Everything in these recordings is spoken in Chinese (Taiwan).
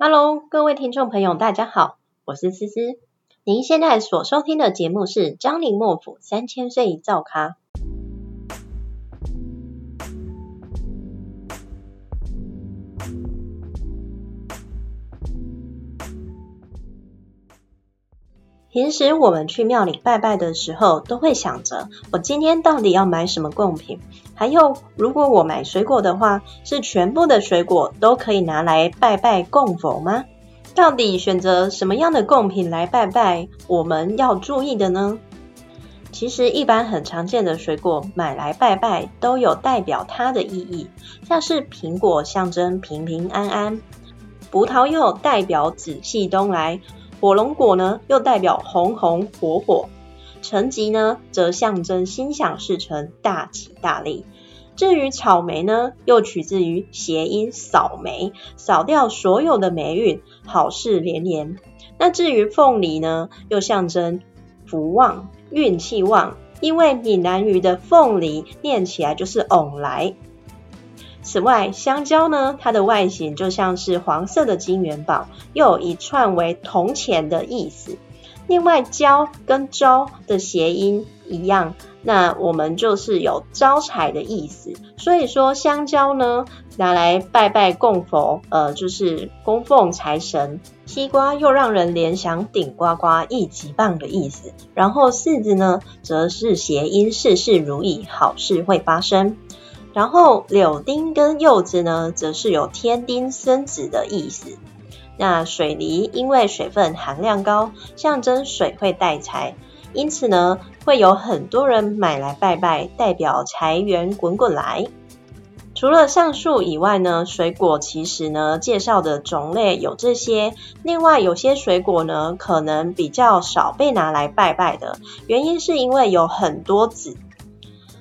哈嘍，各位聽眾朋友，大家好，我是絲絲。您現在所收聽的節目是《江寧莫府三千歲一造咖》。平時我們去廟裡拜拜的時候，都會想着我今天到底要買什麼貢品？還有，如果我買水果的話，是全部的水果都可以拿來拜拜供佛嗎？到底選擇什麼樣的貢品來拜拜，我們要注意的呢？其實，一般很常見的水果買來拜拜，都有代表它的意義，像是蘋果象徵平平安安，葡萄又代表紫氣東來。火龍果呢，又代表紅紅火火；橙橘呢，則象徵心想事成、大吉大利。至於草莓呢，又取自於諧音“掃霉”，掃掉所有的霉運，好事連連。那至於鳳梨呢，又象徵福旺、運氣旺，因為閩南語的鳳梨念起來就是“翁來”。此外，香蕉呢，它的外形就像是黃色的金元寶，又有一串為銅錢的意思。另外，蕉跟招的諧音一樣，那我們就是有招財的意思。所以說，香蕉呢，拿來拜拜供佛，呃，就是供奉財神。西瓜又讓人聯想頂呱呱、一級棒的意思。然後柿子呢，則是諧音事事如意，好事會發生。然後柳丁跟柚子呢，則是有添丁生子的意思。那水梨因為水分含量高，象徵水會帶財，因此呢，會有很多人買來拜拜，代表財源滾滾來。除了上述以外呢，水果其實呢介紹的種類有這些。另外有些水果呢，可能比較少被拿來拜拜的，原因是因為有很多子。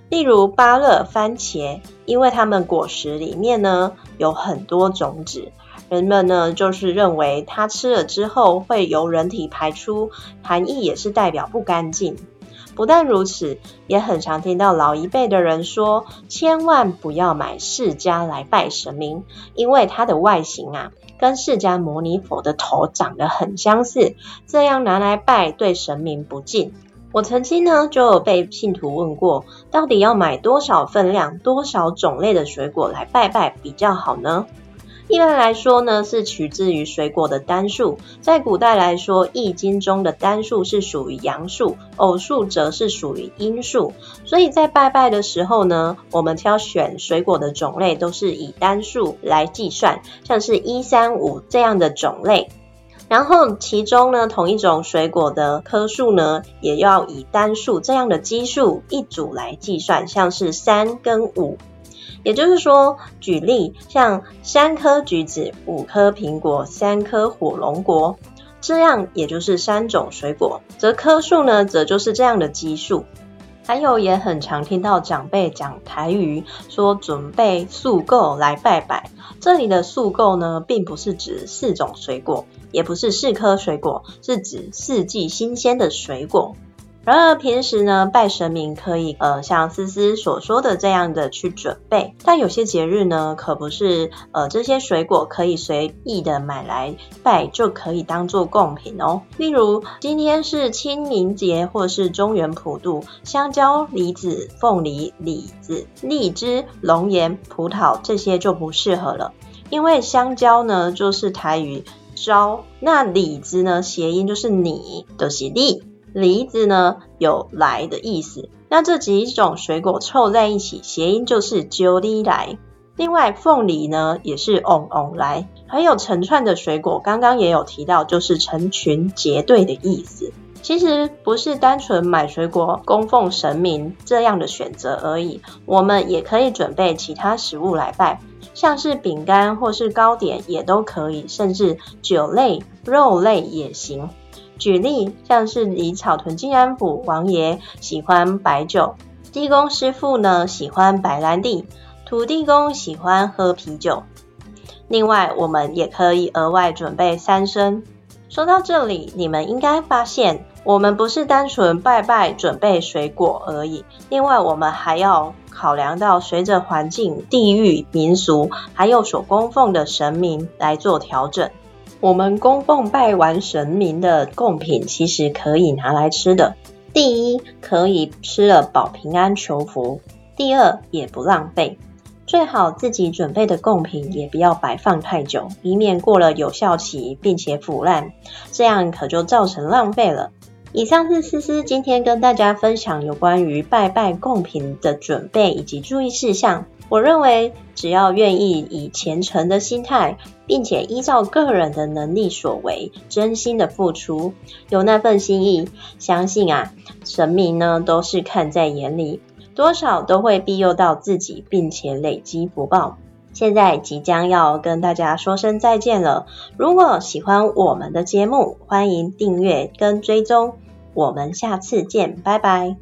例如芭樂番茄，因為它們果實裡面呢有很多種子，人們呢就是認為他吃了之後會由人體排出，含義也是代表不乾淨。不但如此，也很常聽到老一輩的人說，千萬不要買釋迦來拜神明，因為它的外形啊跟釋迦牟尼佛的頭長得很相似，這樣拿來拜對神明不敬。我曾經呢就有被信徒問過，到底要買多少分量、多少種類的水果來拜拜比較好呢？一般來說呢是取自於水果的單數，在古代來說，《易經》中的單數是屬於陽數，偶數則是屬於陰數，所以在拜拜的時候呢，我們挑選水果的種類都是以單數來計算，像是一、三、五這樣的種類。然後，其中呢，同一種水果的顆數呢，也要以單數這樣的奇數一組來計算，像是三跟五。也就是說，舉例，像三顆橘子、五顆蘋果、三顆火龍果，這樣也就是三種水果，則顆數呢，則就是這樣的奇數。還有也很常聽到長輩講台語，說準備四果來拜拜。這裡的四果呢，並不是指四種水果，也不是四顆水果，是指四季新鮮的水果。然而平時呢，拜神明可以，呃，像思思所說的這樣的去準備。但有些節日呢，可不是，呃，這些水果可以隨意的買來拜就可以當做供品哦。例如今天是清明節或是中元普渡，香蕉、梨子、鳳梨、李子、荔枝、龍眼、葡萄這些就不適合了，因為香蕉呢就是台語招；那李子呢諧音就是你的喜。力、就是。梨子呢有來的意思，那這幾種水果湊在一起，諧音就是“揪梨來”。另外，鳳梨呢也是オンオン“嗡嗡來”，還有成串的水果，剛剛也有提到，就是成群結隊的意思。其實不是單純買水果供奉神明這樣的選擇而已，我們也可以準備其他食物來拜，像是餅乾或是糕點也都可以，甚至酒類、肉類也行。舉例，像是李草屯靖安府王爺喜歡白酒，地公師父呢喜歡白蘭地，土地公喜歡喝啤酒。另外，我們也可以額外準備三牲。說到這裡，你們應該發現，我們不是單純拜拜準備水果而已，另外我們還要考量到隨着環境、地域、民俗，還有所供奉的神明來做調整。我們供奉拜完神明的貢品，其實可以拿來吃的。第一，可以吃了保平安求福；第二，也不浪費。最好自己準備的貢品也不要擺放太久，以免過了有效期並且腐爛，這樣可就造成浪費了。以上是思思今天跟大家分享有關於拜拜貢品的準備以及注意事項。我認為，只要願意以虔誠的心態，並且依照個人的能力所為，真心的付出，有那份心意，相信啊神明呢都是看在眼裡，多少都會庇佑到自己，並且累積福報。現在即將要跟大家說聲再見了。如果喜歡我們的節目，歡迎訂閱跟追蹤。我們下次見，拜拜。